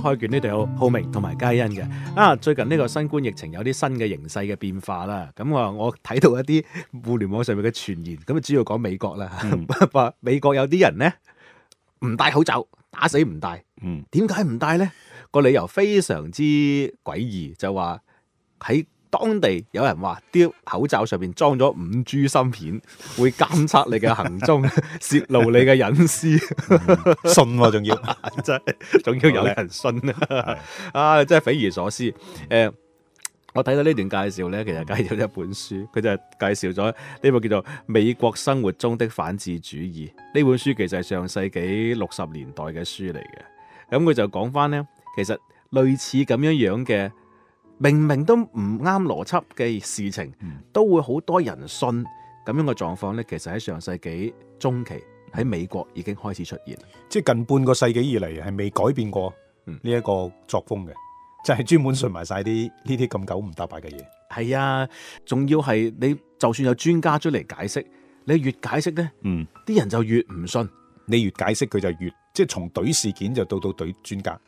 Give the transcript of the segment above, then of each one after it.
開卷呢度有浩明同埋佳欣嘅啊，最近呢個新冠疫情有啲新嘅形勢嘅變化啦，咁啊我睇到一啲互聯網上面嘅傳言，咁啊主要講美國啦，話、嗯、 美國有啲人咧唔戴口罩打死唔戴，點解唔戴咧？個理由非常之詭異，就話喺，當地有人話啲口罩上面裝咗五 G 芯片，會監測你嘅行蹤，泄 露你嘅隱私， 嗯、信仲、啊、要，真係，仲要有人信啊！的 啊，真係匪夷所思。誒、嗯， 嗯、我睇到呢段介紹咧，其實介紹咗一本書，佢就係介紹咗呢部叫做《美國生活中的反智主義》呢本書，其實係上世紀六十年代嘅書嚟嘅。咁佢就講翻咧，其實類似咁樣樣嘅。明明都唔啱邏輯嘅事情，嗯、都會好多人信咁樣嘅狀況呢，其實喺上世紀中期喺、嗯、美國已經開始出現，即係近半個世紀以嚟係未改變過呢一個作風嘅，就係專門信埋晒啲呢啲咁九唔搭八嘅嘢。係啊、嗯，仲要係你就算有專家出嚟解釋，你越解釋咧，啲、嗯、人就越唔信。你越解釋佢就越，即係從懟事件就到到懟專家。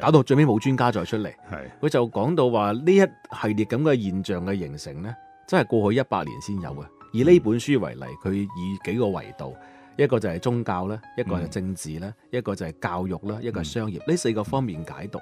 搞到最尾冇專家再出嚟，佢是就講到話呢一系列咁嘅現象嘅形成呢，真係過去一百年先有嘅。以呢本書為例，佢以幾個維度，一個就係宗教啦，一個係政治啦，一個就係、嗯、教育啦，一個係商業。呢、嗯、四個方面解讀。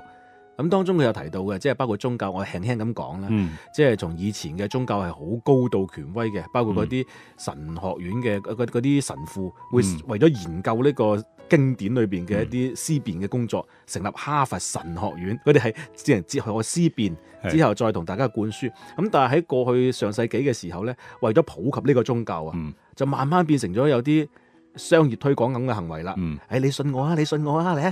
咁當中佢有提到嘅，即係包括宗教，我輕輕咁講啦。嗯、即係從以前嘅宗教係好高度權威嘅，包括嗰啲神學院嘅嗰啲神父、嗯、會為咗研究呢個經典裏邊嘅一啲思辨嘅工作，成立哈佛神學院，佢哋係先係接學個思辨之後再同大家灌輸。咁對但係喺過去上世紀嘅時候咧，為咗普及呢個宗教啊，嗯、就慢慢變成咗有啲商業推廣咁嘅行為啦。誒、嗯哎，你信我啊，你信我啊，你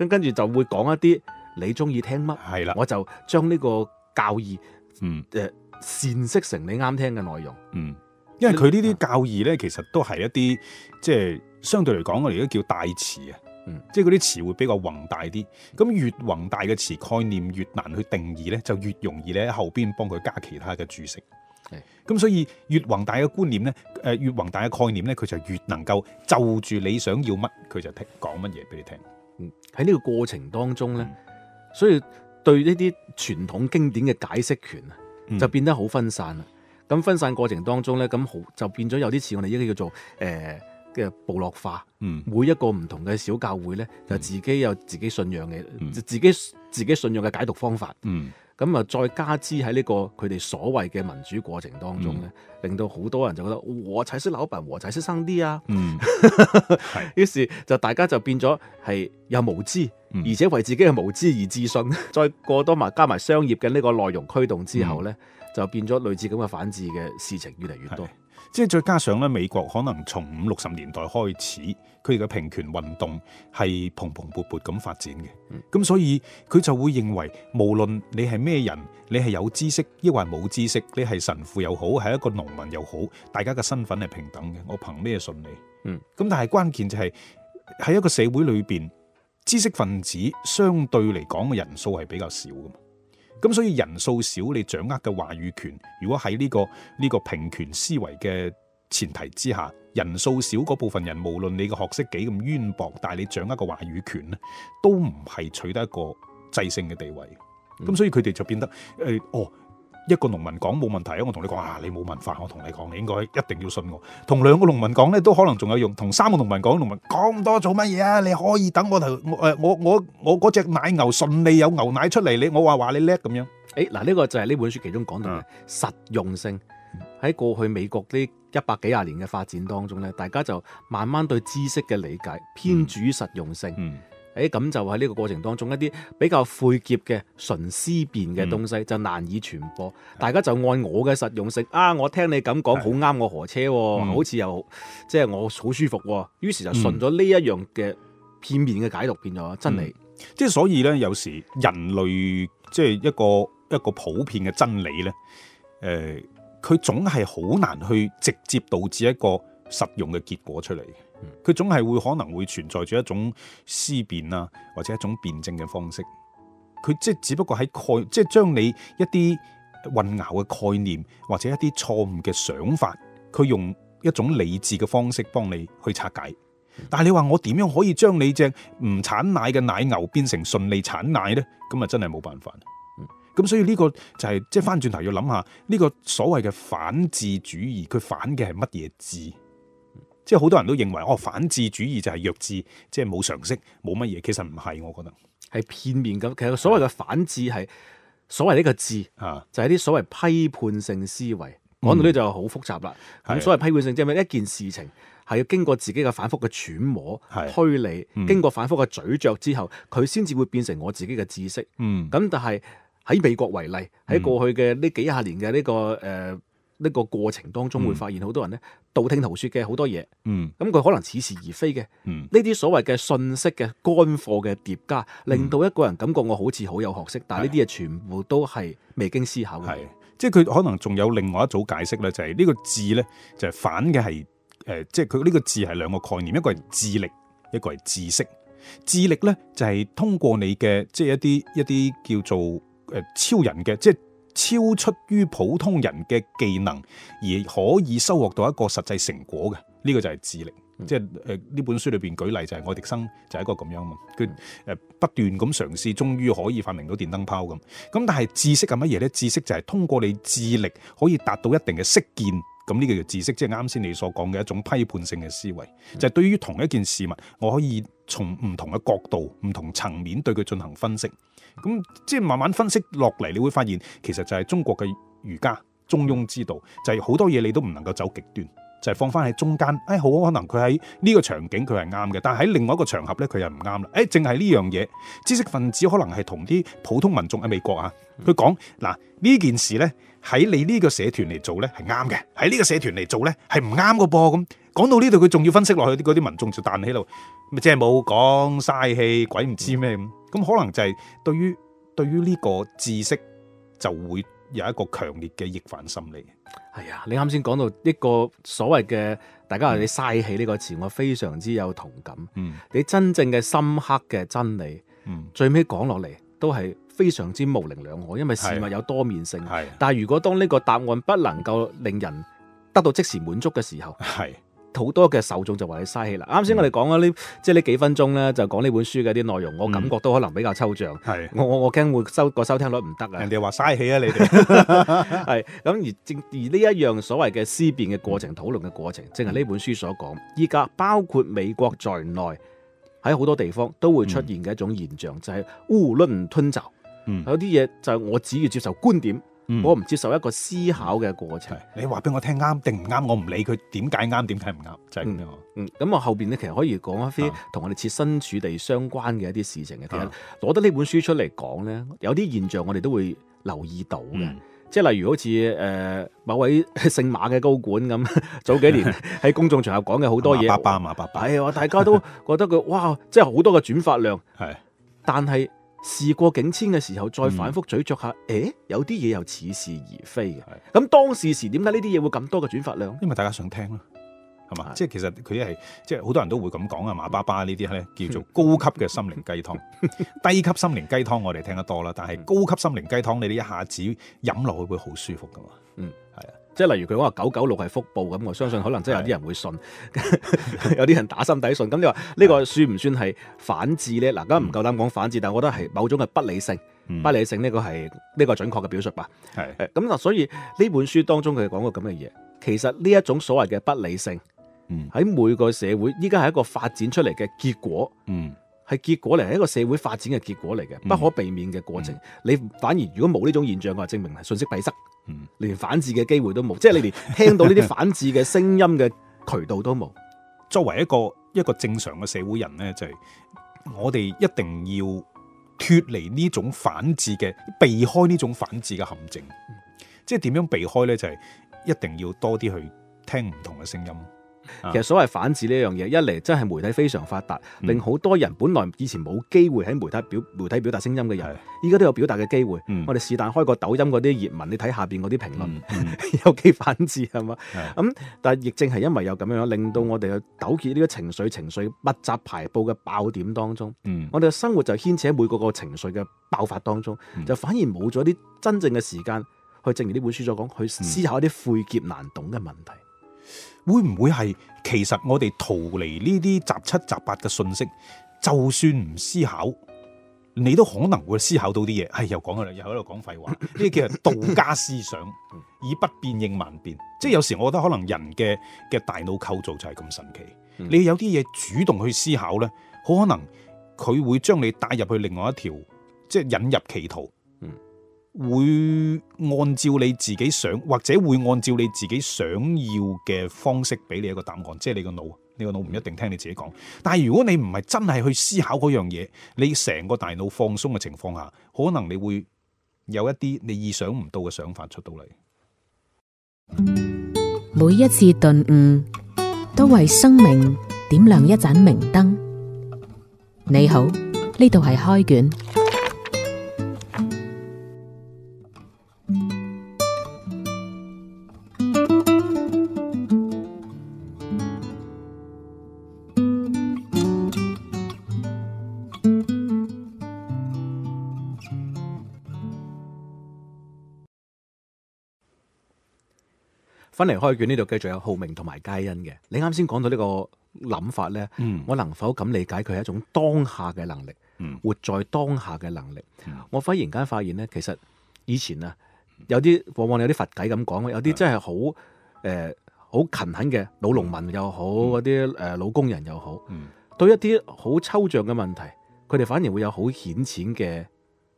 的。跟住就會講一啲。你中意聽乜？係啦的，我就將呢個教義，嗯，誒、呃，闡釋成你啱聽嘅內容，嗯，因為佢呢啲教義咧，其實都係一啲即係相對嚟講，我哋都叫大詞啊，嗯，即係嗰啲詞會比較宏大啲。咁越宏大嘅詞概念越難去定義咧，就越容易咧後邊幫佢加其他嘅注釋。係的，咁所以越宏大嘅觀念咧，誒，越宏大嘅概念咧，佢就越能夠就住你想要乜，佢就聽講乜嘢俾你聽。嗯，喺呢個過程當中咧、嗯。所以對呢啲傳統經典嘅解釋權啊，就變得好分散啦。咁分散過程當中咧，咁好就變咗有啲似我哋呢啲叫做誒嘅部落化。嗯，每一個唔同嘅小教會咧，就自己有自己信仰嘅，嗯、自己自己信仰嘅解讀方法。嗯。咁啊，再加之喺呢個佢哋所謂嘅民主過程當中咧，嗯、令到好多人就覺得和仔識扭伯，和仔識生啲啊，於是就大家就變咗係又無知，嗯、而且為自己嘅無知而自信，再過多埋加埋商業嘅呢個內容驅動之後咧，嗯、就變咗類似咁嘅反智嘅事情越嚟越多。即係再加上咧，美國可能從五六十年代開始，佢哋嘅平權運動係蓬蓬勃勃咁發展嘅，咁、嗯、所以佢就會認為，無論你係咩人，你係有知識抑或係冇知識，你係神父又好，係一個農民又好，大家嘅身份係平等嘅。我憑咩信你？嗯，咁但係關鍵就係、係、喺一個社會裏邊，知識分子相對嚟講嘅人數係比較少噶咁所以人數少，你掌握嘅話語權，如果喺呢個呢個平權思維嘅前提之下，人數少嗰部分人，無論你嘅學識幾咁淵博，但係你掌握嘅話語權咧，都唔係取得一個制勝嘅地位。咁、嗯、所以佢哋就變得誒、哎、哦。一個農民講冇問題啊，我同你講啊，你冇文化，我同你講，你應該一定要信我。同兩個農民講咧，都可能仲有用。同三個農民講，農民講咁多做乜嘢啊？你可以等我頭誒，我我我嗰隻奶牛順利有牛奶出嚟，我你我話話你叻咁樣。誒嗱、欸，呢、呢個就係呢本書其中講到嘅實用性喺、嗯、過去美國呢一百幾廿年嘅發展當中咧，大家就慢慢對知識嘅理解偏主於實用性。嗯嗯。誒咁、哎、就喺呢個過程當中，一啲比較晦澀嘅純思辨嘅東西、嗯、就難以傳播，嗯、大家就按我嘅實用性啊，我聽你咁講好啱我何車、哦，嗯、好似又即係我好舒服、哦，於是就順咗呢一樣嘅片面嘅解讀變咗真理。嗯、即係所以呢，有時人類即係一個一個普遍嘅真理呢，誒、呃，佢總係好難去直接導致一個實用嘅結果出嚟。佢總係會可能會存在住一種思辨啊，或者一種辯證嘅方式。佢即係只不過喺概，即係將你一啲混淆嘅概念，或者一啲錯誤嘅想法，佢用一種理智嘅方式幫你去拆解。但係你話我點樣可以將你隻唔產奶嘅奶牛變成順利產奶呢？咁啊真係冇辦法。咁所以呢個就係、是、即係翻轉頭要諗下，呢、呢個所謂嘅反智主義，佢反嘅係乜嘢智？即係好多人都認為哦，反智主義就係弱智，即係冇常識，冇乜嘢。其實唔係，我覺得係片面咁。其實所謂嘅反智係所謂呢個智，就係啲所謂批判性思維。講到呢就好複雜啦。咁所謂批判性即係咩？一件事情係要經過自己嘅反覆嘅揣摩、推理，經過反覆嘅咀嚼之後，佢先至會變成我自己嘅知識。嗯。咁但係喺美國為例，喺過去嘅呢幾十年嘅呢個誒。呢個過程當中會發現好多人咧，道聽途説嘅好多嘢，嗯，咁佢可能似是而非嘅，嗯，呢啲所謂嘅信息嘅乾貨嘅疊加，嗯、令到一個人感覺我好似好有學識，嗯、但係呢啲嘢全部都係未經思考嘅，係、嗯，即係佢可能仲有另外一組解釋咧，就係、是、呢個字咧就係、是、反嘅係誒，即係佢呢個字係兩個概念，一個係智力，一個係知識。智力咧就係、是、通過你嘅即係一啲一啲叫做誒超人嘅即係。就是超出於普通人嘅技能而可以收穫到一個實際成果嘅，呢、這個就係智力。嗯、即係誒呢本書裏邊舉例就係、是、愛迪生就係一個咁樣啊嘛。佢誒、呃、不斷咁嘗試，終於可以發明到電燈泡咁。咁、嗯、但係知識係乜嘢呢？知識就係通過你智力可以達到一定嘅識見。咁呢個叫知識，即係啱先你所講嘅一種批判性嘅思維，就係對於同一件事物，我可以從唔同嘅角度、唔同層面對佢進行分析。咁即係慢慢分析落嚟，你會發現其實就係中國嘅儒家中庸之道，就係好多嘢你都唔能夠走極端。就放翻喺中間，哎，好可能佢喺呢個場景佢係啱嘅，但係喺另外一個場合咧佢又唔啱啦，哎，淨係呢樣嘢，知識分子可能係同啲普通民眾喺美國啊，佢講嗱呢件事咧喺你呢個社團嚟做咧係啱嘅，喺呢個社團嚟做咧係唔啱個噃，咁講到呢度佢仲要分析落去啲嗰啲民眾就彈起度，咪即係冇講嘥氣，鬼唔知咩咁，咁、嗯、可能就係對於對於呢個知識就會。有一個強烈嘅逆反心理，係啊、哎！你啱先講到一個所謂嘅，大家話你嘥氣呢個詞，我非常之有同感。嗯，你真正嘅深刻嘅真理，嗯，最尾講落嚟都係非常之模棱兩可，因為事物有多面性。係的，但係如果當呢個答案不能夠令人得到即時滿足嘅時候，係。好多嘅受眾就話你嘥氣啦！啱先我哋講咗呢，嗯、即係呢幾分鐘咧，就講呢本書嘅啲內容，我感覺都可能比較抽象。係、嗯，我我我驚會收個收聽率唔得啊！人哋話嘥氣啊，你哋係咁而正而呢一樣所謂嘅思辨嘅過程、嗯、討論嘅過程，正係呢本書所講。依家包括美國在內，喺好多地方都會出現嘅一種現象，嗯、就係囫圇吞、嗯、棗，有啲嘢就係我只要接受觀點，我唔接受一個思考嘅過程。你話俾我聽啱定唔啱，我唔理佢點解啱點解唔啱，就係、是、咁樣嗯。嗯，咁我後邊咧其實可以講一啲同我哋切身處地相關嘅一啲事情嘅。嗯、其實攞得呢本書出嚟講咧，有啲現象我哋都會留意到嘅。即係、嗯、例如好似誒某位姓馬嘅高管咁，早幾年喺公眾場合講嘅好多嘢，爸爸馬爸爸，係大家都覺得佢哇，真係好多嘅轉發量。係的，但係。事過境遷嘅時候，再反覆咀嚼下，誒、嗯，欸，有啲嘢又似是而非嘅。咁是的 當時時，點解呢啲嘢會咁多嘅轉發量？因為大家想聽啦，係嘛是的？即係其實佢係即係好多人都會咁講啊，馬爸爸呢啲係咧叫做高級嘅心靈雞湯， 低級心靈雞湯我哋聽得多啦，但係高級心靈雞湯你哋一下子飲落去會好舒服噶嘛？嗯，係啊。即係例如佢講話九九六係福報咁，我相信可能真係有啲人會信，的 有啲人打心底信。咁你話呢個算唔算係反智咧？嗱，咁唔夠膽講反智，但係我覺得係某種嘅不理性，嗯、不理性呢個係呢、呢個準確嘅表述吧。係的，咁嗱、嗯，所以呢本書當中佢講過咁嘅嘢，其實呢一種所謂嘅不理性，喺、嗯、每個社會依家係一個發展出嚟嘅結果。嗯。係結果嚟，係一個社會發展嘅結果嚟嘅，不可避免嘅過程。嗯嗯、你反而如果冇呢種現象嘅話，就證明係信息閉塞，嗯、連反智嘅機會都冇，嗯、即係你連聽到呢啲反智嘅聲音嘅渠道都冇。作為一個一個正常嘅社會人咧，就係、是、我哋一定要脫離呢種反智嘅，避開呢種反智嘅陷阱。嗯、即係點樣避開咧？就係、是、一定要多啲去聽唔同嘅聲音。其實所謂反智呢樣嘢，一嚟真係媒體非常發達，令好多人本來以前冇機會喺媒體表媒體表達聲音嘅人，依家都有表達嘅機會。嗯、我哋是但開個抖音嗰啲熱文，你睇下邊嗰啲評論有幾反智係嘛？咁、嗯、但係亦正係因為有咁樣令到我哋去糾結呢個情緒、情緒密集排佈嘅爆點當中，嗯、我哋嘅生活就牽扯喺每個個情緒嘅爆發當中，嗯、就反而冇咗啲真正嘅時間去正如呢本書所講，去思考一啲晦澀難懂嘅問題。會唔會係？其實我哋逃離呢啲雜七雜八嘅信息，就算唔思考，你都可能會思考到啲嘢。係又講佢啦，又喺度講廢話。呢啲叫做「道家思想」，以不變應萬變。即係有時我覺得可能人嘅嘅大腦構造就係咁神奇。你有啲嘢主動去思考呢，好可能佢會將你帶入去另外一條，即係引入歧途。會按照你自己想，或者會按照你自己想要嘅方式，俾你一個答案。即係你個腦，你個腦唔一定聽你自己講。但係如果你唔係真係去思考嗰樣嘢，你成個大腦放鬆嘅情況下，可能你會有一啲你意想唔到嘅想法出到嚟。每一次頓悟，都為生命點亮一盞明燈。你好，呢度係開卷。返嚟開卷，呢度繼續有浩明同埋佳欣嘅。你啱先講到呢個諗法呢，嗯、我能否咁理解佢係一種當下嘅能力，嗯、活在當下嘅能力？嗯、我忽然間發現呢，其實以前啊，有啲往往有啲佛偈咁講，有啲真係好誒好勤懇嘅老農民又好，嗰啲誒老工人又好，嗯、對一啲好抽象嘅問題，佢哋反而會有好顯淺嘅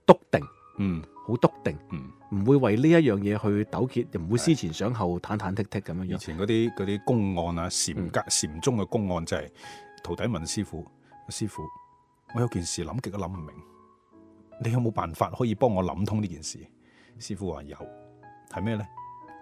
篤定。嗯。好篤定，嗯，唔會為呢一樣嘢去糾結，嗯、又唔會思前想後，忐忐忑忑咁樣。以前嗰啲嗰啲公案啊，禪格禪宗嘅公案就係、是、徒弟問師傅，師傅，我有件事諗極都諗唔明，你有冇辦法可以幫我諗通呢件事？師傅話有，係咩咧？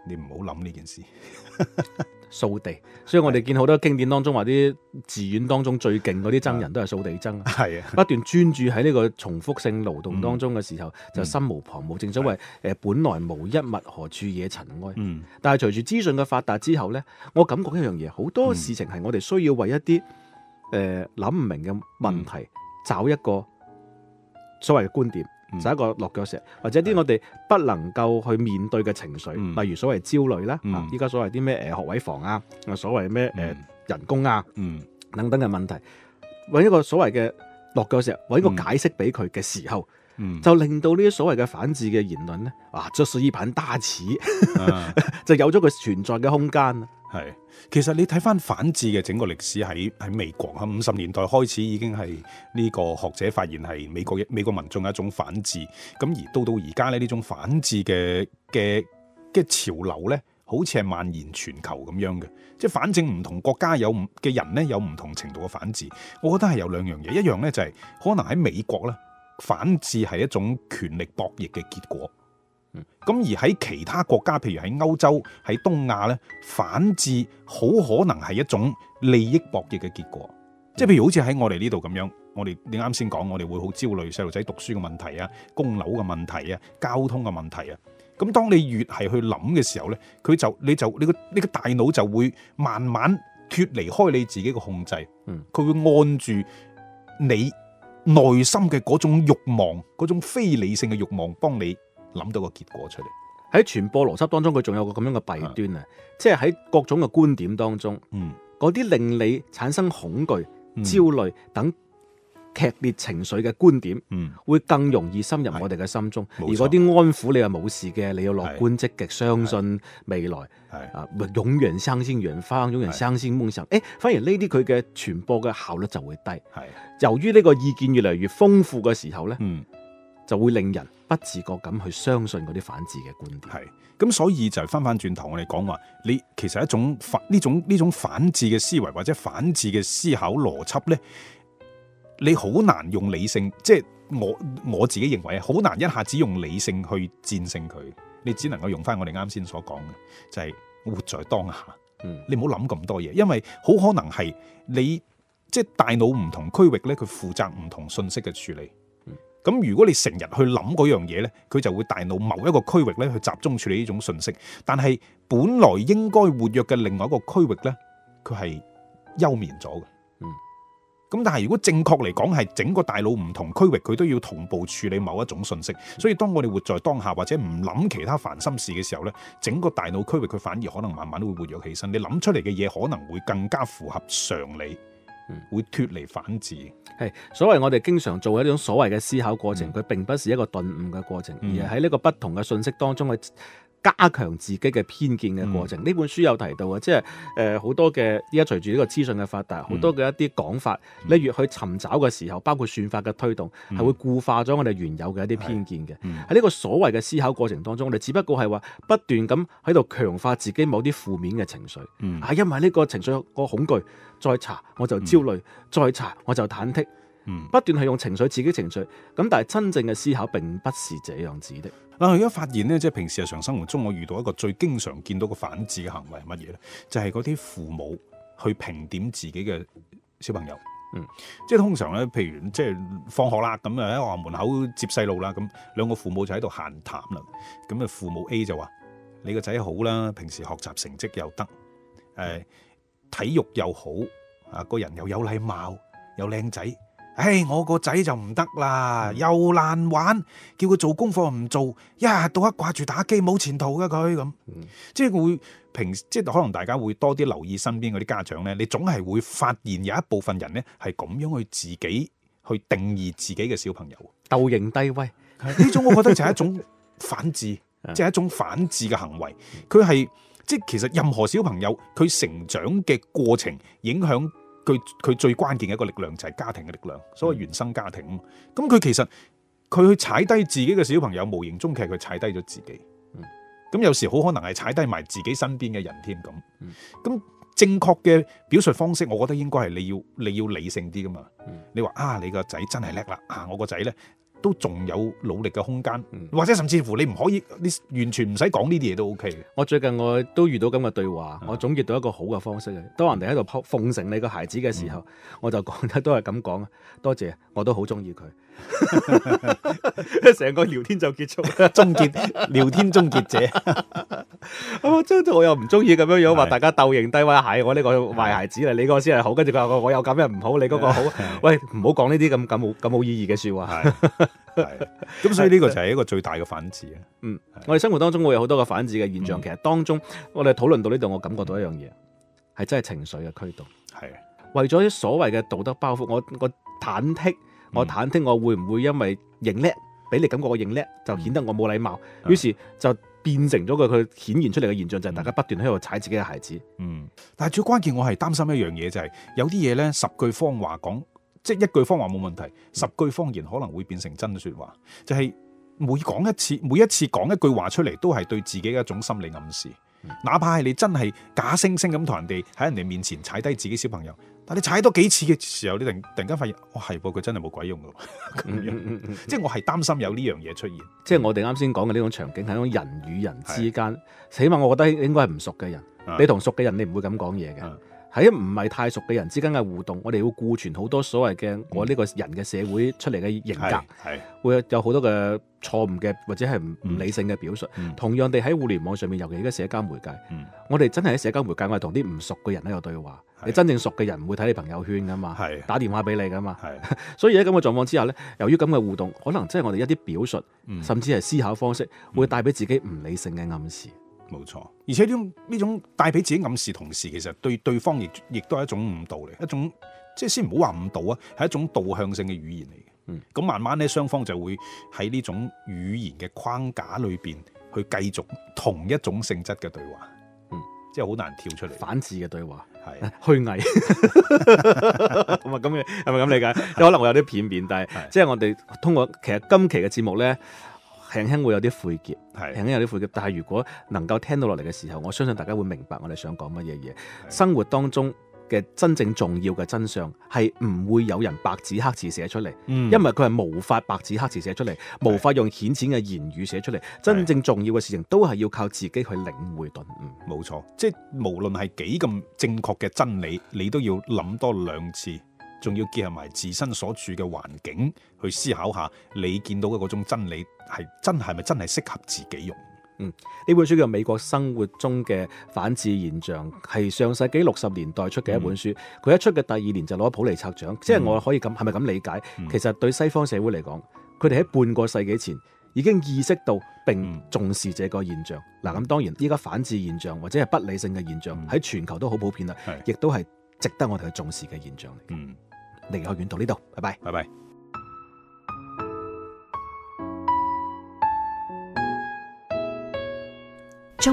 你唔好諗呢件事。 掃地，所以我哋見好多經典當中話啲寺院當中最勁嗰啲僧人都係掃地僧，係啊的，不斷專注喺呢個重複性勞動當中嘅時候，嗯、就心無旁騖。正的所謂誒、呃，本來無一物，何處惹塵埃？嗯、但係隨住資訊嘅發達之後呢，我感覺一樣嘢，好多事情係我哋需要為一啲誒諗唔明嘅問題、嗯、找一個所謂嘅觀點。就一個落腳石，或者啲我哋不能夠去面對嘅情緒，嗯、例如所謂焦慮啦，依家、嗯、所謂啲咩誒學位房啊，所謂咩誒人工啊、嗯、等等嘅問題，揾一個所謂嘅落腳石，揾個解釋俾佢嘅時候，嗯、就令到呢啲所謂嘅反智嘅言論咧，哇、啊，著睡衣揼大齒，嗯、 就有咗佢存在嘅空間。係，其實你睇翻，反智嘅整個歷史喺喺美國啊，五十年代開始已經係呢個學者發現係美國美國民眾有一種反智，咁而到到而家呢，呢種反智嘅嘅嘅潮流呢，好似係蔓延全球咁樣嘅，即係反正唔同國家有嘅人呢，有唔同程度嘅反智，我覺得係有兩樣嘢，一樣呢，就係可能喺美國呢，反智係一種權力博弈嘅結果。咁而喺其他國家，譬如喺歐洲、喺東亞咧，反智好可能係一種利益博弈嘅結果。即係、嗯、譬如好似喺我哋呢度咁樣，我哋你啱先講，我哋會好焦慮細路仔讀書嘅問題啊、供樓嘅問題啊、交通嘅問題啊。咁當你越係去諗嘅時候咧，佢就你就你個呢個大腦就會慢慢脱離開你自己嘅控制。嗯，佢會按住你內心嘅嗰種欲望，嗰種非理性嘅欲望幫你。諗到個結果出嚟，喺傳播邏輯當中，佢仲有個咁樣嘅弊端啊！即係喺各種嘅觀點當中，嗯，嗰啲令你產生恐懼、焦慮等劇烈情緒嘅觀點，嗯，會更容易深入我哋嘅心中。而嗰啲安撫你話冇事嘅，你要樂觀積極，相信未來，係啊，永遠生先圓方，永遠生先夢想。誒，反而呢啲佢嘅傳播嘅效率就會低。係，由於呢個意見越嚟越豐富嘅時候咧，嗯，就會令人。不自覺咁去相信嗰啲反智嘅觀點，係咁，所以就係翻翻轉頭，我哋講話你其實一種反呢種呢種反智嘅思維或者反智嘅思考邏輯咧，你好難用理性，即係我我自己認為好難一下子用理性去戰勝佢，你只能夠用翻我哋啱先所講嘅，就係活在當下，嗯，你唔好諗咁多嘢，因為好可能係你即係大腦唔同區域咧，佢負責唔同信息嘅處理。咁如果你成日去諗嗰樣嘢呢，佢就會大腦某一個區域咧去集中處理呢種信息，但係本來應該活躍嘅另外一個區域呢，佢係休眠咗嘅。嗯，咁但係如果正確嚟講係整個大腦唔同區域佢都要同步處理某一種信息，所以當我哋活在當下或者唔諗其他煩心事嘅時候呢，整個大腦區域佢反而可能慢慢會活躍起身，你諗出嚟嘅嘢可能會更加符合常理。會脫離反智，係所謂我哋經常做一種所謂嘅思考過程，佢、嗯、並不是一個頓悟嘅過程，嗯、而係喺呢個不同嘅信息當中去加強自己嘅偏見嘅過程，呢本書有提到嘅，即係誒好多嘅依家隨住呢個資訊嘅發達，好多嘅一啲講法，你越去尋找嘅時候，包括算法嘅推動，係會固化咗我哋原有嘅一啲偏見嘅。喺呢個所謂嘅思考過程當中，我哋只不過係話不斷咁喺度強化自己某啲負面嘅情緒，係因為呢個情緒個恐懼，再查我就焦慮，再查我就忐忑。嗯，不斷係用情緒刺激情緒咁，但係真正嘅思考並不是這樣子的。嗱，我而家發現咧，即係平時日常生活中，我遇到一個最經常見到個反智嘅行為係乜嘢呢？就係嗰啲父母去評點自己嘅小朋友。嗯，即係通常咧，譬如即係放學啦，咁啊喺學校門口接細路啦，咁兩個父母就喺度閒談啦。咁啊，父母 A 就話：你個仔好啦，平時學習成績又得，誒、呃、體育又好，啊個人又有禮貌，又靚仔。唉、哎，我個仔就唔得啦，又難玩，叫佢做功課唔做，一日到黑掛住打機，冇前途嘅佢咁，即係會平，即係可能大家會多啲留意身邊嗰啲家長咧，你總係會發現有一部分人咧係咁樣去自己去定義自己嘅小朋友，鬥認低威。呢種我覺得就係一種反智，即係 一種反智嘅行為。佢係即係其實任何小朋友佢成長嘅過程影響。佢佢最關鍵嘅一個力量就係家庭嘅力量，所謂原生家庭啊。咁佢、嗯、其實佢去踩低自己嘅小朋友，無形中其實佢踩低咗自己。咁、嗯嗯、有時好可能係踩低埋自己身邊嘅人添咁。咁、嗯、正確嘅表述方式，我覺得應該係你要你要理性啲㗎嘛。嗯、你話啊，你個仔真係叻啦啊，我個仔咧。都仲有努力嘅空間，或者甚至乎你唔可以，你完全唔使講呢啲嘢都 OK。我最近我都遇到咁嘅對話，我總結到一個好嘅方式嘅。當人哋喺度奉承你個孩子嘅時候，嗯、我就講得都係咁講啊！多謝，我都好鍾意佢。成個聊天就結束，終結聊天終結者。我真係我又唔中意咁樣樣話，大家鬥認低威係我呢個壞孩子嚟。你個先係好。跟住佢話我我又咁樣唔好，你嗰個好。喂，唔好講呢啲咁咁冇咁冇意義嘅說話。係咁，所以呢個就係一個最大嘅反智啊。我哋生活當中會有好多嘅反智嘅現象。其實當中我哋討論到呢度，我感覺到一樣嘢，係真係情緒嘅驅動。係為咗啲所謂嘅道德包袱，我我忐忑。我忐忑，我會唔會因為認叻，俾你感覺我認叻，就顯得我冇禮貌？嗯、於是就變成咗個佢顯現出嚟嘅現象，就係、是、大家不斷喺度踩自己嘅孩子。嗯，但係最關鍵，我係擔心一樣嘢就係、是、有啲嘢呢，十句謊話講，即係一句謊話冇問題，嗯、十句謊言可能會變成真嘅説話。就係、是、每講一次，每一次講一句話出嚟，都係對自己嘅一種心理暗示。哪怕係你真係假惺惺咁同人哋喺人哋面前踩低自己小朋友，但你踩多幾次嘅時候，你突突然間發現，我係噃佢真係冇鬼用噶，咁 樣，即係我係擔心有呢樣嘢出現。嗯、即係我哋啱先講嘅呢種場景係一種人與人之間，是起碼我覺得應該係唔熟嘅人。是你同熟嘅人你唔會咁講嘢嘅，喺唔係太熟嘅人之間嘅互動，我哋會顧存好多所謂嘅我呢個人嘅社會出嚟嘅人格，係會有好多嘅。錯誤嘅或者係唔理性嘅表述，嗯、同樣地喺互聯網上面，尤其而家社、嗯、社交媒介，我哋真係喺社交媒介，我哋同啲唔熟嘅人喺度對話。的你真正熟嘅人唔會睇你朋友圈噶嘛，的打電話俾你噶嘛。的所以喺咁嘅狀況之下呢，由於咁嘅互動，可能即係我哋一啲表述，嗯、甚至係思考方式，會帶俾自己唔理性嘅暗示。冇錯，而且呢種呢種帶俾自己暗示，同時其實對對方亦亦都係一種誤導嚟，一種即係先唔好話誤導啊，係一種導向性嘅語言嚟嘅。嗯，咁慢慢咧，雙方就會喺呢種語言嘅框架裏邊去繼續同一種性質嘅對話，嗯，即係好難跳出嚟反智嘅對話，係虛偽，咁啊咁嘅係咪咁理解？可能我有啲片面，但係的即係我哋通過其實今期嘅節目咧，輕輕會有啲晦澀，係輕輕有啲晦澀，但係如果能夠聽到落嚟嘅時候，我相信大家會明白我哋想講乜嘢嘢，的的生活當中,中。嘅真正重要嘅真相係唔會有人白紙黑字寫出嚟，嗯、因為佢係無法白紙黑字寫出嚟，的無法用顯淺嘅言語寫出嚟。的真正重要嘅事情都係要靠自己去領會。頓悟冇錯，即無論係幾咁正確嘅真理，你都要諗多兩次，仲要結合埋自身所處嘅環境去思考下，你見到嗰種真理係真係咪真係適合自己用？嗯，呢本書叫《美國生活中嘅反智現象》，係上世紀六十年代出嘅一本書。佢、嗯、一出嘅第二年就攞普利策獎，嗯、即係我可以咁，係咪咁理解？嗯、其實對西方社會嚟講，佢哋喺半個世紀前已經意識到並重視這個現象。嗱、嗯，咁當然，依家反智現象或者係不理性嘅現象喺全球都好普遍啦，亦都係值得我哋去重視嘅現象嚟。嗯，黎學遠到呢度，拜拜，拜拜。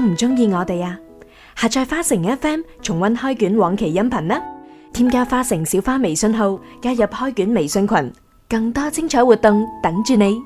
鍾唔鍾意我哋啊？下載花城 FM 重溫開卷往期音頻啦！添加花城小花微信號，加入開卷微信群，更多精彩活動等住你。